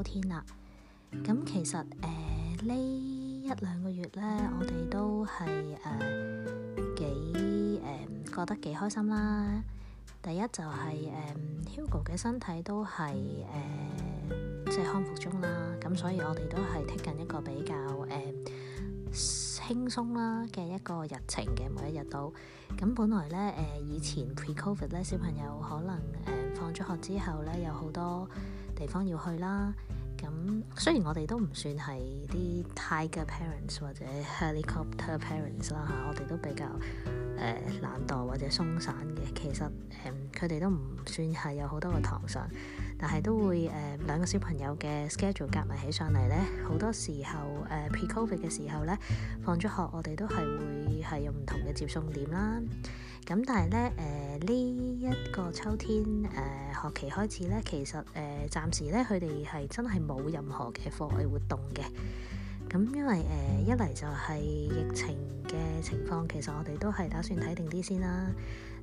秋天啦，咁其實誒呢、呃、一兩個月咧，我哋都係誒、呃、幾誒、呃、覺得幾開心啦。第一就係、是、誒、呃、Hugo 嘅身體都係誒即係康復中啦，咁所以我哋都係 tick 緊一個比較誒輕鬆啦嘅一個日程嘅每一日都。咁本來咧誒、呃、以前 pre COVID 咧小朋友可能誒、呃、放咗學之後咧有好多。地方要去啦，咁雖然我哋都唔算係啲 tiger parents 或者 helicopter parents 啦嚇，我哋都比較誒、呃、懶惰或者鬆散嘅。其實誒佢哋都唔算係有好多個堂上，但係都會誒、呃、兩個小朋友嘅 schedule 夾埋起上嚟呢，好多時候誒、呃、pre-COVID 嘅時候呢，放咗學我哋都係會係有唔同嘅接送點啦。咁但係咧，誒、呃、呢一個秋天誒、呃、學期開始咧，其實誒暫、呃、時咧，佢哋係真係冇任何嘅課外活動嘅。咁、嗯、因為誒、呃、一嚟就係疫情嘅情況，其實我哋都係打算睇定啲先啦。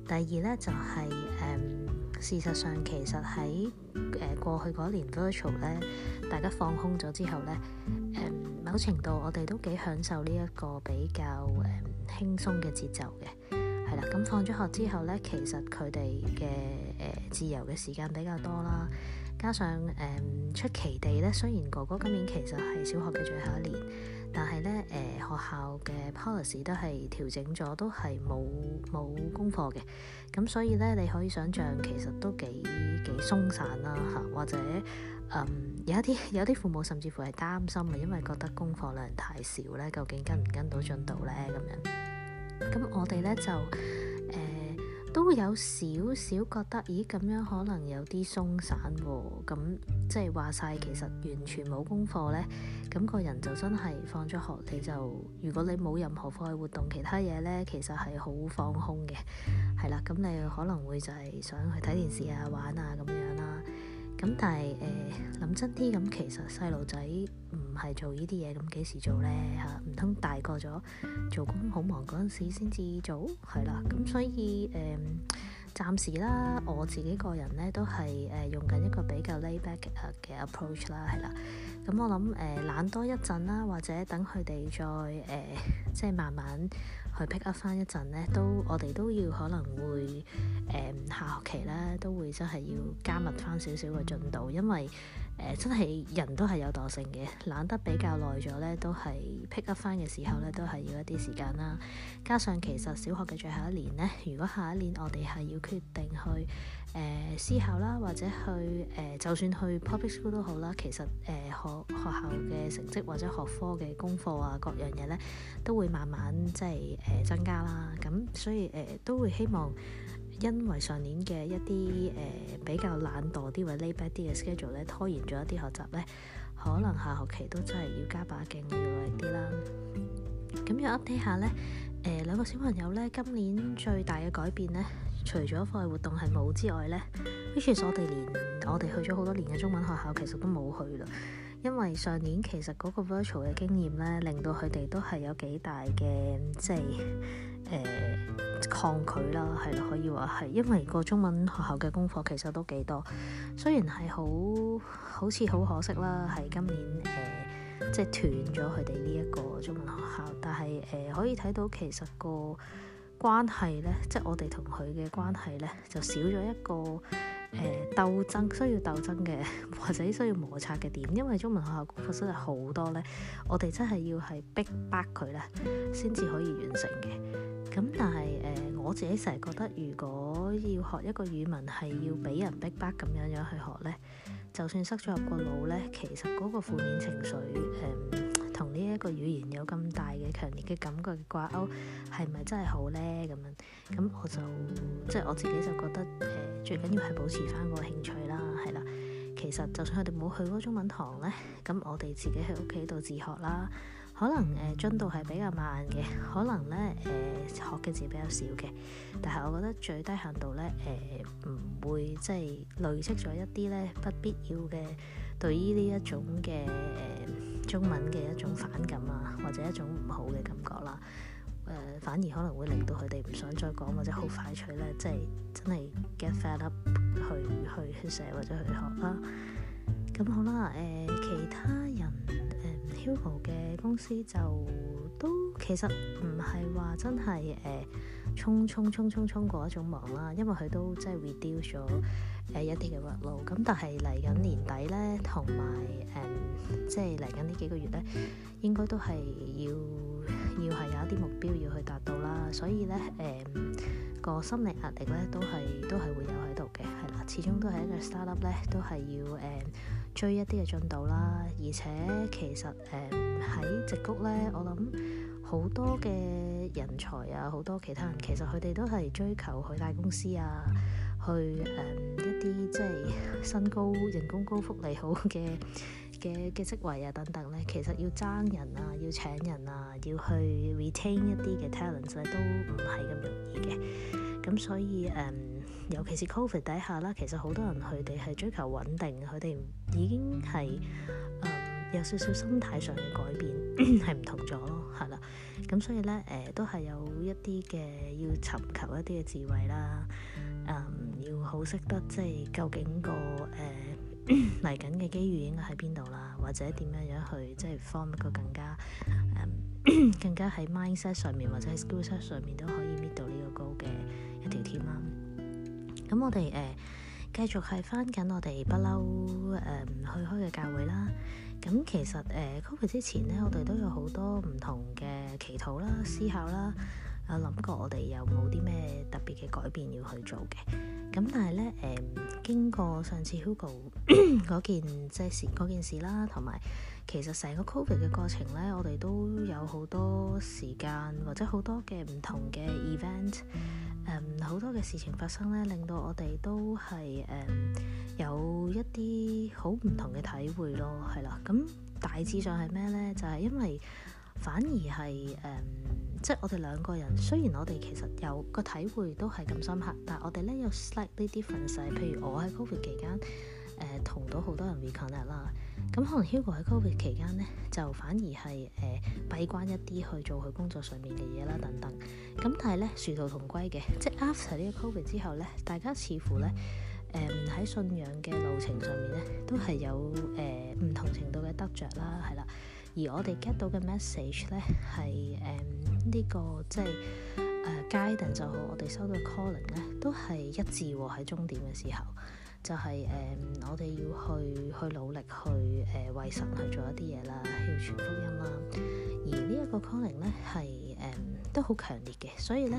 第二咧就係、是、誒、呃、事實上其實喺誒、呃、過去嗰一年 virtual 咧，大家放空咗之後咧，誒、呃、某程度我哋都幾享受呢一個比較誒輕鬆嘅節奏嘅。咁、嗯、放咗學之後呢，其實佢哋嘅誒自由嘅時間比較多啦。加上誒、嗯、出奇地呢，雖然哥哥今年其實係小學嘅最後一年，但係呢，誒、呃、學校嘅 policy 都係調整咗，都係冇冇功課嘅。咁所以呢，你可以想象其實都幾幾鬆散啦嚇，或者、嗯、有一啲有啲父母甚至乎係擔心啊，因為覺得功課量太少呢，究竟跟唔跟到進度呢？咁樣。咁我哋咧就誒、呃、都有少少覺得，咦咁樣可能有啲鬆散喎。咁即係話晒，其實完全冇功課咧。咁、那個人就真係放咗學，你就如果你冇任何課外活動，其他嘢咧其實係好放空嘅。係啦，咁你可能會就係想去睇電視啊、玩啊咁樣啦。咁但係誒諗真啲，咁其實細路仔係做呢啲嘢，咁幾時做呢？嚇、啊？唔通大個咗，做工好忙嗰陣時先至做，係啦。咁所以誒、呃，暫時啦，我自己個人呢都係誒用緊一個比較 layback 嘅 approach 啦，係啦。咁我諗誒、呃，懶多一陣啦，或者等佢哋再誒、呃，即係慢慢去 pick up 翻一陣呢，都我哋都要可能會誒、呃、下學期咧都會真係要加密翻少少嘅進度，因為。誒、呃、真係人都係有惰性嘅，懶得比較耐咗呢，都係 pick up 翻嘅時候呢，都係要一啲時間啦。加上其實小學嘅最後一年呢，如果下一年我哋係要決定去誒私校啦，或者去誒、呃、就算去 public school 都好啦，其實誒、呃、學學校嘅成績或者學科嘅功課啊，各樣嘢呢，都會慢慢即係、呃、增加啦。咁所以誒、呃、都會希望。因為上年嘅一啲誒、呃、比較懶惰啲或 lay back 啲嘅 schedule 咧，拖延咗一啲學習咧，可能下學期都真係要加把勁要耐啲啦。咁要 update 下咧，誒、呃、兩個小朋友咧今年最大嘅改變咧，除咗課外活動係冇之外咧，which 我哋連我哋去咗好多年嘅中文學校其實都冇去啦。因為上年其實嗰個 virtual 嘅經驗咧，令到佢哋都係有幾大嘅即係誒、呃、抗拒啦，係咯可以話係。因為個中文學校嘅功課其實都幾多，雖然係好好似好可惜啦，係今年誒、呃、即係斷咗佢哋呢一個中文學校，但係誒、呃、可以睇到其實個關係咧，即係我哋同佢嘅關係咧，就少咗一個。誒、呃、鬥爭需要鬥爭嘅，或者需要摩擦嘅點，因為中文學校功課真係好多咧，我哋真係要係逼逼佢咧，先至可以完成嘅。咁但係誒、呃，我自己成日覺得，如果要學一個語文係要俾人逼逼咁樣樣去學咧，就算塞咗入個腦咧，其實嗰個負面情緒。個語言有咁大嘅強烈嘅感覺掛鈎，係咪真係好呢？咁樣咁我就即係、就是、我自己就覺得，誒、呃，最緊要係保持翻個興趣啦，係啦。其實就算佢哋冇去嗰個中文堂呢，咁我哋自己喺屋企度自學啦。可能誒、呃、進度係比較慢嘅，可能咧誒、呃、學嘅字比較少嘅，但係我覺得最低限度咧誒，唔會即係累積咗一啲咧不必要嘅對於呢一種嘅誒、呃、中文嘅一種反感啊，或者一種唔好嘅感覺啦。誒、呃、反而可能會令到佢哋唔想再講，或者好快脆咧，即係真係 get fed up 去去寫或者去學啦。咁好啦，誒、呃、其他人。超豪嘅公司就都其實唔係話真係誒、衝衝衝衝衝過一種忙啦，因為佢都真係 reduce 咗誒一啲嘅 workload 咁。但係嚟緊年底咧，同埋誒即係嚟緊呢幾個月咧，應該都係要要係有一啲目標要去達到啦，所以咧誒、呃那個心理壓力咧都係都係會有喺度嘅。始終都係一個 startup 咧，都係要誒、嗯、追一啲嘅進度啦。而且其實誒喺直谷咧，我諗好多嘅人才啊，好多其他人其實佢哋都係追求去大公司啊，去誒、嗯、一啲即係薪高、人工高、福利好嘅嘅嘅職位啊等等咧。其實要爭人啊，要請人啊，要去 retain 一啲嘅 talent 咧，都唔係咁容易嘅。咁所以誒，尤其是 COVID 底下啦，其實好多人佢哋係追求穩定，佢哋已經係、嗯、有少少心態上嘅改變，係唔 同咗咯，係啦。咁、嗯、所以咧誒、呃，都係有一啲嘅要尋求一啲嘅智慧啦，嗯、要好識得即係究竟個誒嚟緊嘅機遇應該喺邊度啦，或者點樣樣去即係 form 一個更加、嗯、 更加喺 mindset 上面或者喺 skillset 上面都可以搣到呢個 goal 嘅。點咁我哋誒、呃、繼續係翻緊我哋不嬲誒去開嘅教會啦。咁其實誒 COVID 之前咧，我哋都有好多唔同嘅祈禱啦、思考啦，有諗過我哋有冇啲咩特別嘅改變要去做嘅。咁但係咧誒，經過上次 Hugo 嗰件即係 事嗰件事啦，同埋。其實成個 Covid 嘅過程咧，我哋都有好多時間，或者好多嘅唔同嘅 event，好、嗯、多嘅事情發生咧，令到我哋都係誒、嗯、有一啲好唔同嘅體會咯，係啦。咁大致上係咩呢？就係、是、因為反而係誒、嗯，即係我哋兩個人雖然我哋其實有個體會都係咁深刻，但係我哋咧有 slight 呢啲份細，譬如我喺 Covid 期間誒同到好多人 reconnect 啦。咁可能 Hugo 喺 Covid 期間咧，就反而係誒、呃、閉關一啲去做佢工作上面嘅嘢啦，等等。咁但係咧，殊途同歸嘅，即係 after 呢個 Covid 之後咧，大家似乎咧誒喺信仰嘅路程上面咧，都係有誒唔、呃、同程度嘅得着啦，係啦。而我哋 get 到嘅 message 咧係誒呢、呃這個即係。階段就好，我哋收到嘅 calling 咧都係一致喎。喺終點嘅時候，就係、是、誒、呃、我哋要去去努力去誒、呃、為神去做一啲嘢啦，要傳福音啦。而呢一個 calling 咧係誒都好強烈嘅，所以咧誒、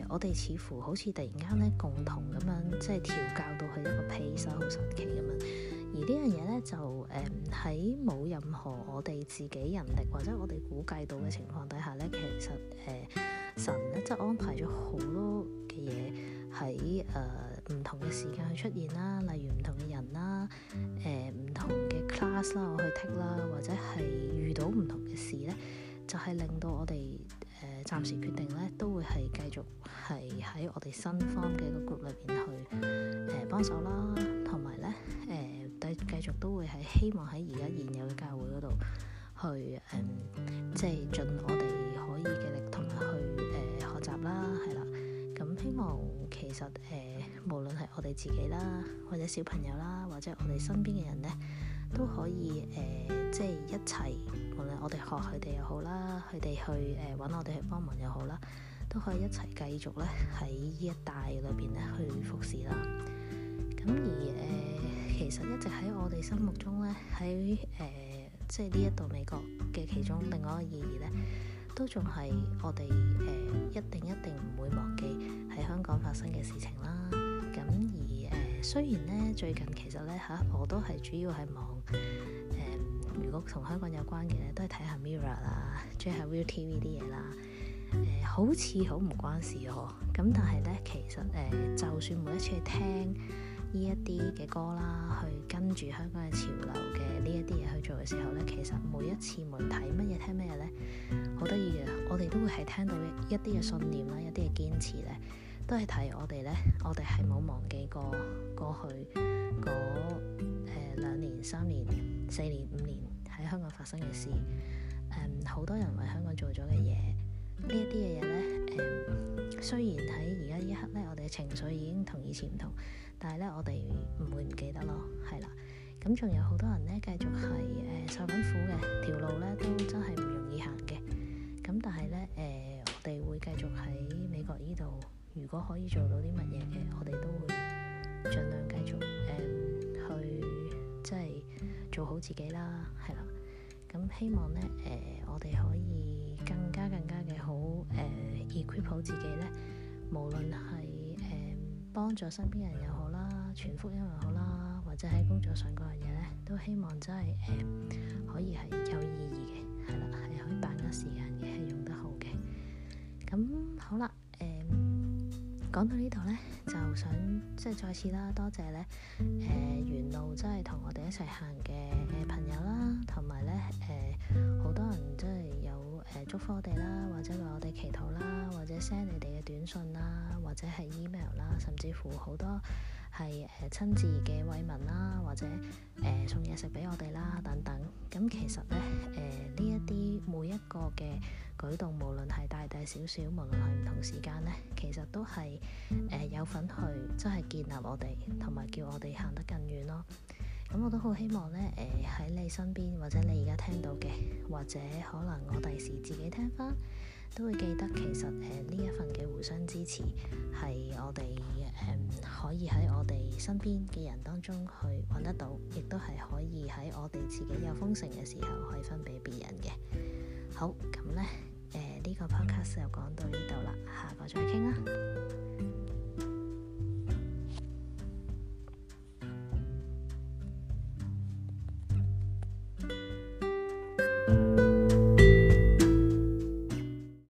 呃、我哋似乎好似突然間咧共同咁樣，即係調教到佢一個 pace 好神奇咁樣。而呢樣嘢咧，就誒喺冇任何我哋自己人力或者我哋估計到嘅情況底下咧，其實誒、呃、神咧就安排咗好多嘅嘢喺誒唔同嘅時間去出現啦，例如唔同嘅人啦、誒、呃、唔同嘅 class 啦，我去剔啦，或者係遇到唔同嘅事咧，就係、是、令到我哋誒、呃、暫時決定咧，都會係繼續係喺我哋新方 o r m 嘅個 group 裏邊去誒、呃、幫手啦。繼續都會係希望喺而家現有嘅教會嗰度去誒，即係盡我哋可以嘅力，同埋去誒學習啦，係啦。咁希望其實誒、呃，無論係我哋自己啦，或者小朋友啦，或者我哋身邊嘅人咧，都可以誒，即、呃、係、就是、一齊，無論我哋學佢哋又好啦，佢哋去誒搵、呃、我哋去幫忙又好啦，都可以一齊繼續咧喺呢一帶裏邊咧去服侍啦。咁而誒、呃，其實一直喺我哋心目中咧，喺誒、呃，即係呢一度美國嘅其中另外一個意義咧，都仲係我哋誒、呃、一定一定唔會忘記喺香港發生嘅事情啦。咁而誒、呃，雖然咧最近其實咧嚇、啊、我都係主要喺望，誒、呃，如果同香港有關嘅咧都係睇下 Mirror 啦，最係 ViuTV 啲嘢啦。誒、呃，好似好唔關事喎。咁但係咧，其實誒、呃，就算每一次去聽，呢一啲嘅歌啦，去跟住香港嘅潮流嘅呢一啲嘢去做嘅時候呢，其實每一次媒體乜嘢聽咩嘢呢，好得意嘅，我哋都會係聽到一啲嘅信念啦，一啲嘅堅持呢，都係睇我哋呢。我哋係冇忘記過過去嗰誒、呃、兩年、三年、四年、五年喺香港發生嘅事，誒、嗯、好多人為香港做咗嘅嘢，呢一啲嘅嘢呢。雖然喺而家呢一刻呢，我哋嘅情緒已經同以前唔同，但係呢，我哋唔會唔記得咯，係啦。咁仲有好多人呢，繼續係誒、呃、受緊苦嘅，條路呢都真係唔容易行嘅。咁但係呢，誒、呃、我哋會繼續喺美國呢度，如果可以做到啲乜嘢嘅，我哋都會盡量繼續、呃、去，即係做好自己啦，係啦。咁、呃、希望呢，誒、呃、我哋可以更加更加。keep 好自己咧，無論係誒、呃、幫助身邊人又好啦，傳福音又好啦，或者喺工作上嗰樣嘢咧，都希望真係誒、呃、可以係有意義嘅，係啦，係可以把握時間嘅，係用得好嘅。咁好啦，誒、呃、講到呢度咧，就想即係再次啦，多謝咧誒沿路真係同我哋一齊行嘅。祝福我哋啦，或者為我哋祈禱啦，或者 send 你哋嘅短信啦，或者係 email 啦，甚至乎好多係誒親自嘅慰問啦，或者誒、呃、送嘢食俾我哋啦等等。咁其實咧誒呢一啲、呃、每一個嘅舉動，無論係大大小小，無論係唔同時間咧，其實都係誒、呃、有份去真係建立我哋，同埋叫我哋行得更遠咯。咁我都好希望呢，誒、呃、喺你身邊，或者你而家聽到嘅，或者可能我第時自己聽翻，都會記得其實誒呢一份嘅互相支持係我哋誒、呃、可以喺我哋身邊嘅人當中去揾得到，亦都係可以喺我哋自己有豐盛嘅時候可以分俾別人嘅。好，咁呢，呢、呃這個 podcast 就講到呢度啦，下個再傾啦。